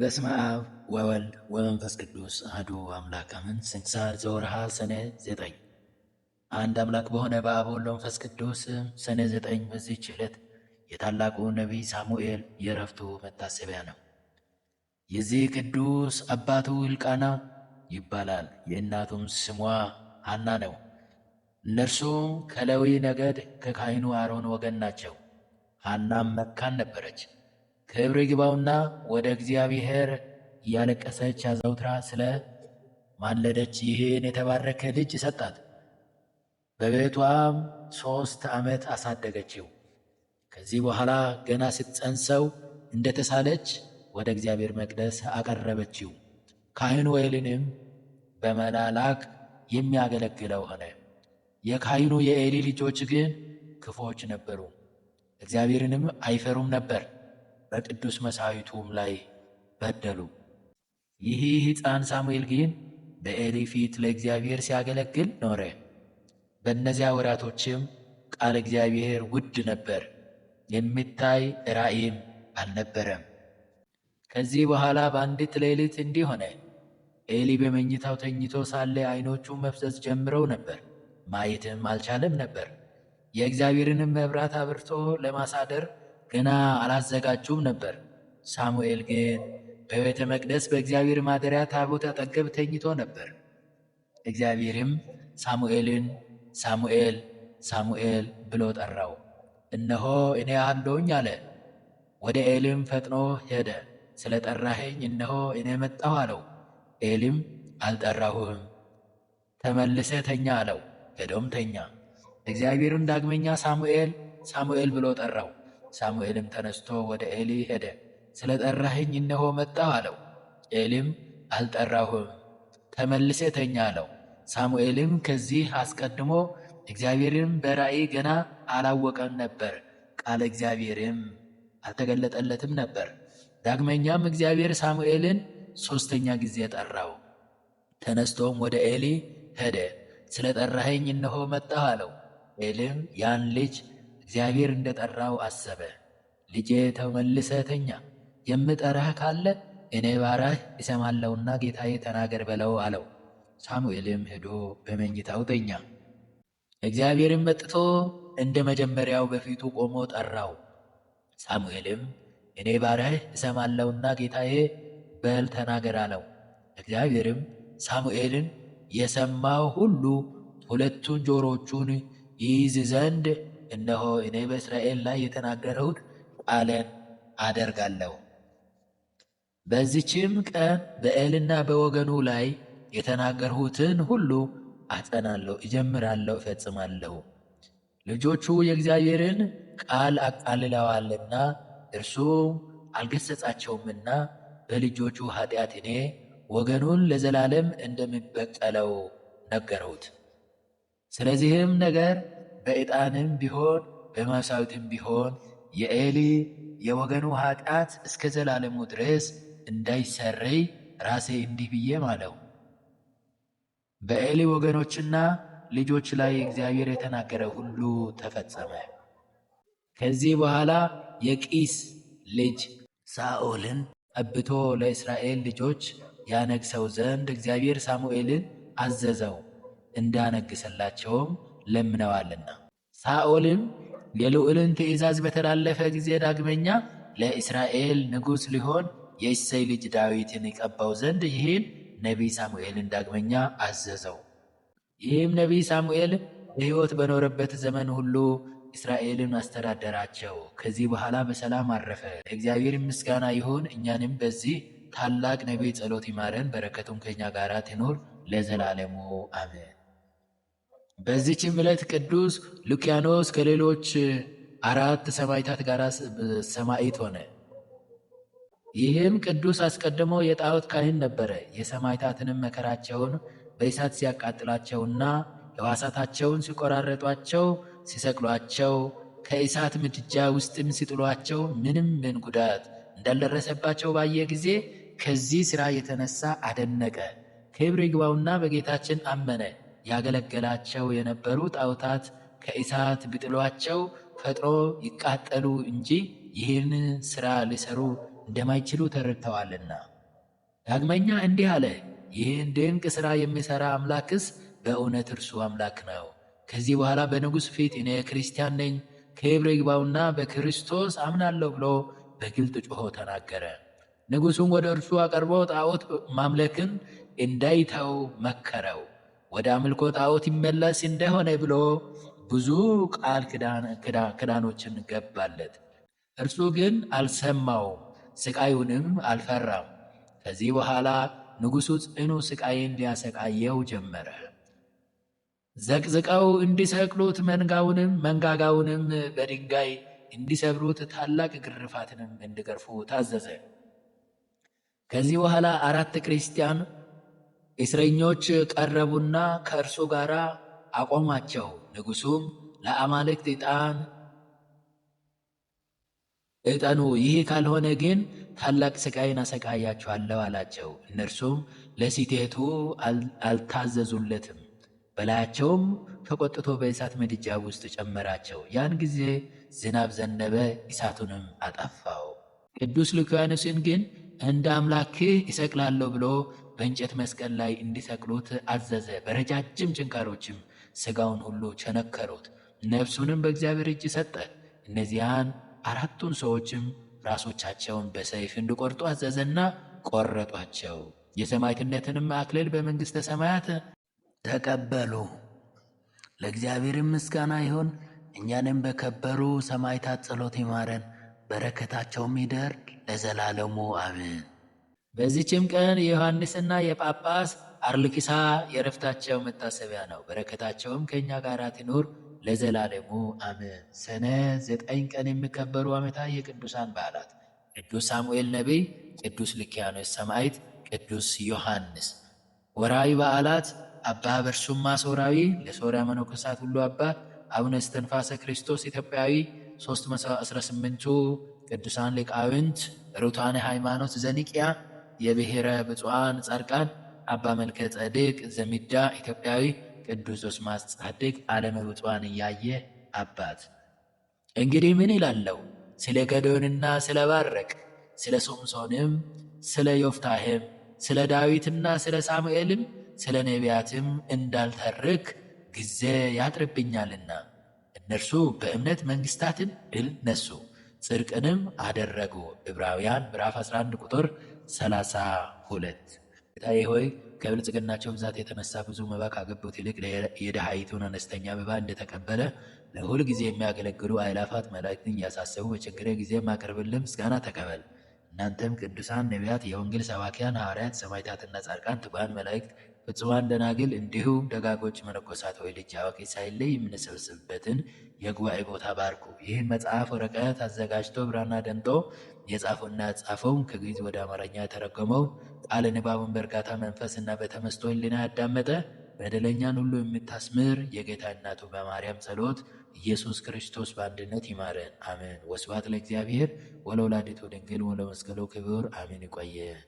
በስመ አብ ወወልድ ወመንፈስ ቅዱስ አሐዱ አምላክ አሜን። ስንክሳር ዘወርሃ ሰኔ ዘጠኝ አንድ አምላክ በሆነ በአብ ወወልድ ወመንፈስ ቅዱስ ሰኔ ዘጠኝ በዚህች ዕለት የታላቁ ነቢይ ሳሙኤል የእረፍቱ መታሰቢያ ነው። የዚህ ቅዱስ አባቱ ሕልቃና ይባላል። የእናቱም ስሟ ሐና ነው። እነርሱም ከለዊ ነገድ ከካህኑ አሮን ወገን ናቸው። ሐናም መካን ነበረች። ክብር ይግባውና ወደ እግዚአብሔር እያለቀሰች አዘውትራ ስለ ማለደች ይህን የተባረከ ልጅ ሰጣት። በቤቷም ሦስት ዓመት አሳደገችው። ከዚህ በኋላ ገና ስትጸንሰው እንደተሳለች ወደ እግዚአብሔር መቅደስ አቀረበችው። ካህኑ ኤሊንም በመላላክ የሚያገለግለው ሆነ። የካህኑ የኤሊ ልጆች ግን ክፎች ነበሩ፣ እግዚአብሔርንም አይፈሩም ነበር። በቅዱስ መሳዊቱም ላይ በደሉ። ይህ ሕፃን ሳሙኤል ግን በኤሊ ፊት ለእግዚአብሔር ሲያገለግል ኖረ። በእነዚያ ወራቶችም ቃል እግዚአብሔር ውድ ነበር፣ የሚታይ ራእይም አልነበረም። ከዚህ በኋላ በአንዲት ሌሊት እንዲህ ሆነ። ኤሊ በመኝታው ተኝቶ ሳለ ዓይኖቹ መፍዘዝ ጀምረው ነበር፣ ማየትም አልቻለም ነበር። የእግዚአብሔርንም መብራት አብርቶ ለማሳደር ገና አላዘጋጁም ነበር። ሳሙኤል ግን በቤተ መቅደስ በእግዚአብሔር ማደሪያ ታቦት አጠገብ ተኝቶ ነበር። እግዚአብሔርም ሳሙኤልን ሳሙኤል ሳሙኤል ብሎ ጠራው። እነሆ እኔ አለሁኝ አለ። ወደ ኤልም ፈጥኖ ሄደ። ስለ ጠራኸኝ እነሆ እኔ መጣሁ አለው። ኤልም አልጠራሁህም፣ ተመልሰ ተኛ አለው። ሄዶም ተኛ። እግዚአብሔርን ዳግመኛ ሳሙኤል ሳሙኤል ብሎ ጠራው። ሳሙኤልም ተነስቶ ወደ ኤሊ ሄደ። ስለ ጠራኸኝ እነሆ መጣሁ አለው። ኤሊም አልጠራሁም፣ ተመልሴ ተኛ አለው። ሳሙኤልም ከዚህ አስቀድሞ እግዚአብሔርም በራእይ ገና አላወቀም ነበር፣ ቃለ እግዚአብሔርም አልተገለጠለትም ነበር። ዳግመኛም እግዚአብሔር ሳሙኤልን ሦስተኛ ጊዜ ጠራው። ተነስቶም ወደ ኤሊ ሄደ። ስለ ጠራኸኝ እነሆ መጣሁ አለው። ኤልም ያን ልጅ እግዚአብሔር እንደጠራው አሰበ። ልጄ ተመልሰ ተኛ፣ የምጠራህ ካለ እኔ ባራህ እሰማለሁና ጌታዬ ተናገር በለው አለው። ሳሙኤልም ሄዶ በመኝታው ተኛ። እግዚአብሔርም መጥቶ እንደ መጀመሪያው በፊቱ ቆሞ ጠራው። ሳሙኤልም እኔ ባራህ እሰማለሁና ጌታዬ በል ተናገር አለው። እግዚአብሔርም ሳሙኤልን የሰማው ሁሉ ሁለቱን ጆሮቹን ይይዝ ዘንድ እነሆ እኔ በእስራኤል ላይ የተናገረሁት ቃሌን አደርጋለሁ። በዚችም ቀን በኤልና በወገኑ ላይ የተናገርሁትን ሁሉ አጸናለሁ፣ እጀምራለሁ፣ እፈጽማለሁ። ልጆቹ የእግዚአብሔርን ቃል አቃልለዋልና እርሱም አልገሰጻቸውምና በልጆቹ ኃጢአት እኔ ወገኑን ለዘላለም እንደምበቀለው ነገረሁት። ስለዚህም ነገር በዕጣንም ቢሆን በመሥዋዕትም ቢሆን የኤሊ የወገኑ ኃጢአት እስከ ዘላለሙ ድረስ እንዳይሰረይ ራሴ እንዲህ ብዬ ማለው። በኤሊ ወገኖችና ልጆች ላይ እግዚአብሔር የተናገረ ሁሉ ተፈጸመ። ከዚህ በኋላ የቂስ ልጅ ሳኦልን ቀብቶ ለእስራኤል ልጆች ያነግሰው ዘንድ እግዚአብሔር ሳሙኤልን አዘዘው። እንዳነግሰላቸውም ለምነዋልና ሳኦልም የልዑልን ትእዛዝ በተላለፈ ጊዜ ዳግመኛ ለእስራኤል ንጉሥ ሊሆን የእሴይ ልጅ ዳዊትን ይቀባው ዘንድ ይህን ነቢይ ሳሙኤልን ዳግመኛ አዘዘው። ይህም ነቢይ ሳሙኤል በሕይወት በኖረበት ዘመን ሁሉ እስራኤልን አስተዳደራቸው። ከዚህ በኋላ በሰላም አረፈ። እግዚአብሔር ምስጋና ይሁን። እኛንም በዚህ ታላቅ ነቢይ ጸሎት ይማረን፣ በረከቱም ከእኛ ጋር ትኖር ለዘላለሙ አሜን። በዚችም ዕለት ቅዱስ ሉኪያኖስ ከሌሎች አራት ሰማዕታት ጋር ሰማዕት ሆነ። ይህም ቅዱስ አስቀድሞ የጣዖት ካህን ነበረ። የሰማዕታትንም መከራቸውን በእሳት ሲያቃጥላቸውና ሕዋሳታቸውን ሲቆራረጧቸው፣ ሲሰቅሏቸው፣ ከእሳት ምድጃ ውስጥም ሲጥሏቸው ምንም ምን ጉዳት እንዳልደረሰባቸው ባየ ጊዜ ከዚህ ሥራ የተነሳ አደነቀ። ክብር ይግባውና በጌታችን አመነ። ያገለገላቸው የነበሩ ጣዖታት ከእሳት ቢጥሏቸው ፈጥሮ ይቃጠሉ እንጂ ይህን ሥራ ሊሰሩ እንደማይችሉ ተረድተዋልና። ዳግመኛ እንዲህ አለ፣ ይህን ድንቅ ሥራ የሚሠራ አምላክስ በእውነት እርሱ አምላክ ነው። ከዚህ በኋላ በንጉሥ ፊት እኔ ክርስቲያን ነኝ ክብር ይግባውና በክርስቶስ አምናለሁ ብሎ በግልጥ ጮሆ ተናገረ። ንጉሡም ወደ እርሱ አቀርቦ ጣዖት ማምለክን እንዳይተው መከረው። ወደ አምልኮ ጣዖት ይመለስ እንደሆነ ብሎ ብዙ ቃል ክዳኖችን ገባለት። እርሱ ግን አልሰማውም፣ ስቃዩንም አልፈራም። ከዚህ በኋላ ንጉሡ ጽኑ ስቃይን ሊያሰቃየው ጀመረ። ዘቅዝቀው እንዲሰቅሉት መንጋውንም መንጋጋውንም በድንጋይ እንዲሰብሩት ታላቅ ግርፋትንም እንዲገርፉ ታዘዘ። ከዚህ በኋላ አራት ክርስቲያን እስረኞች ቀረቡና ከእርሱ ጋር አቆማቸው። ንጉሱም ለአማልክት ዕጣን እጠኑ፣ ይህ ካልሆነ ግን ታላቅ ስቃይን አሰቃያችኋለሁ አላቸው። እነርሱም ለሴቴቱ አልታዘዙለትም። በላያቸውም ተቆጥቶ በእሳት ምድጃ ውስጥ ጨመራቸው። ያን ጊዜ ዝናብ ዘነበ፣ እሳቱንም አጠፋው። ቅዱስ ሉኪያኖስን ግን እንደ አምላክህ ይሰቅላለሁ ብሎ በእንጨት መስቀል ላይ እንዲሰቅሉት አዘዘ። በረጃጅም ጭንካሮችም ሥጋውን ሁሉ ቸነከሩት፣ ነፍሱንም በእግዚአብሔር እጅ ሰጠ። እነዚያን አራቱን ሰዎችም ራሶቻቸውን በሰይፍ እንዲቆርጡ አዘዘና ቆረጧቸው። የሰማዕትነትንም አክሊል በመንግሥተ ሰማያት ተቀበሉ። ለእግዚአብሔርም ምስጋና ይሁን። እኛንም በከበሩ ሰማዕታት ጸሎት ይማረን፣ በረከታቸውም ይደርድ ለዘላለሙ አሜን። በዚችም ቀን የዮሐንስና የጳጳስ አርልኪሳ የረፍታቸው መታሰቢያ ነው። በረከታቸውም ከእኛ ጋር ትኑር ለዘላለሙ አሜን። ሰኔ ዘጠኝ ቀን የሚከበሩ ዓመታዊ የቅዱሳን በዓላት ቅዱስ ሳሙኤል ነቢይ፣ ቅዱስ ልኪያኖስ ሰማዕት፣ ቅዱስ ዮሐንስ። ወራዊ በዓላት አባ በርሱማ ሶራዊ ለሶርያ መነኮሳት ሁሉ አባት፣ አቡነ እስትንፋሰ ክርስቶስ ኢትዮጵያዊ 318ቱ ቅዱሳን ሊቃውንት ሩታነ ሃይማኖት ዘኒቅያ የብሔረ ብፁዓን ጻድቃን አባ መልከ ጸድቅ ዘሚዳ ኢትዮጵያዊ ቅዱስ ዶስማስ ጻድቅ ዓለመ ብፁዓን እያየ አባት። እንግዲህ ምን ይላለው? ስለ ገዶንና ስለ ባረቅ፣ ስለ ሶምሶንም፣ ስለ ዮፍታህም፣ ስለ ዳዊትና ስለ ሳሙኤልም ስለ ነቢያትም እንዳልተርክ ጊዜ ያጥርብኛልና እነርሱ በእምነት መንግስታትን ድል ነሱ፣ ጽድቅንም አደረጉ። ዕብራውያን ምዕራፍ 11 ቁጥር 32። ጌታዬ ሆይ ከብልጽግናቸው ብዛት የተነሳ ብዙ መባ ካገቡት ይልቅ የድሃይቱን አነስተኛ መባ እንደተቀበለ ለሁል ጊዜ የሚያገለግሉ አእላፋት መላእክትን እያሳሰቡ በችግር ጊዜ ማቅረብልን ምስጋና ተቀበል። እናንተም ቅዱሳን ነቢያት፣ የወንጌል ሰባኪያን ሐዋርያት፣ ሰማዕታትና ጻድቃን፣ ትጉሃን መላእክት ፍጹማን ደናግል እንዲሁም ደጋጎች መነኮሳት ወይ ልጅ አዋቂ ሳይለይ የምንሰብስብበትን የጉባኤ ቦታ ባርኩ። ይህን መጽሐፍ ወረቀት አዘጋጅቶ ብራና ደምጦ የጻፈውና ያጻፈውም ከግዕዝ ወደ አማርኛ የተረጎመው ቃለ ንባቡን በእርጋታ መንፈስና በተመስጦ ሕሊና ያዳመጠ በደለኛን ሁሉ የምታስምር የጌታ እናቱ በማርያም ጸሎት ኢየሱስ ክርስቶስ በአንድነት ይማረን፣ አሜን። ወስብሐት ለእግዚአብሔር ወለወላዲቱ ድንግል ወለመስቀሉ ክቡር፣ አሜን። ይቆየን።